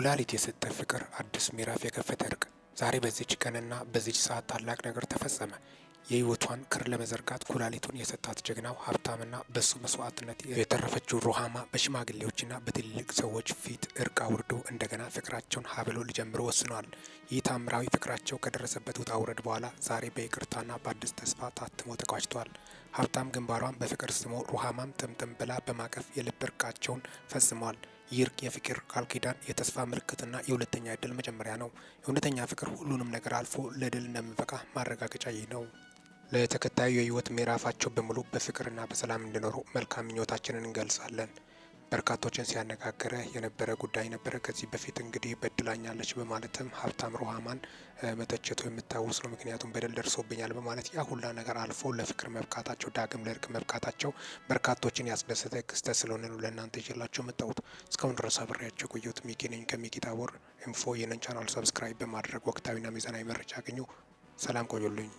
ኩላሊት የሰጠ ፍቅር አዲስ ምዕራፍ የከፈተ እርቅ። ዛሬ በዚች ቀንና በዚች ሰዓት ታላቅ ነገር ተፈጸመ። የህይወቷን ክር ለመዘርጋት ኩላሊቱን የሰጣት ጀግናው ሀብታምና በሱ መስዋዕትነት የተረፈችው ሩሃማ በሽማግሌዎችና በትልልቅ ሰዎች ፊት እርቅ አውርዶ እንደገና ፍቅራቸውን ሀብሎ ሊጀምሩ ወስነዋል። ይህ ታምራዊ ፍቅራቸው ከደረሰበት ውጣ ውረድ በኋላ ዛሬ በይቅርታና በአዲስ ተስፋ ታትሞ ተቋጭቷል። ሀብታም ግንባሯን በፍቅር ስሞ ሩሃማም ጥምጥም ብላ በማቀፍ የልብ እርቃቸውን ፈጽመዋል። ይርቅ የፍቅር ቃል ኪዳን የተስፋ ምልክትና የሁለተኛ እድል መጀመሪያ ነው። የእውነተኛ ፍቅር ሁሉንም ነገር አልፎ ለድል እንደሚበቃ ማረጋገጫ ይህ ነው። ለተከታዩ የህይወት ምዕራፋቸው በሙሉ በፍቅርና በሰላም እንዲኖሩ መልካም ምኞታችንን እንገልጻለን። በርካቶችን ሲያነጋገረ የነበረ ጉዳይ ነበረ። ከዚህ በፊት እንግዲህ በድላኛለች በማለትም ሀብታም ሩሃማን መተቸቱ የምታወስ ነው። ምክንያቱም በደል ደርሶብኛል በማለት ያ ሁላ ነገር አልፎ ለፍቅር መብቃታቸው ዳግም ለእርቅ መብቃታቸው በርካቶችን ያስደሰተ ክስተት ስለሆነ ነው ለእናንተ ይዤላቸው መጣሁት። እስካሁን ድረስ አብሬያቸው ቆየሁት። ሚኪነኝ ከሚኪታ ወር ኢንፎ። ይህንን ቻናል ሰብስክራይብ በማድረግ ወቅታዊና ሚዛናዊ መረጃ ያገኙ። ሰላም ቆዩልኝ።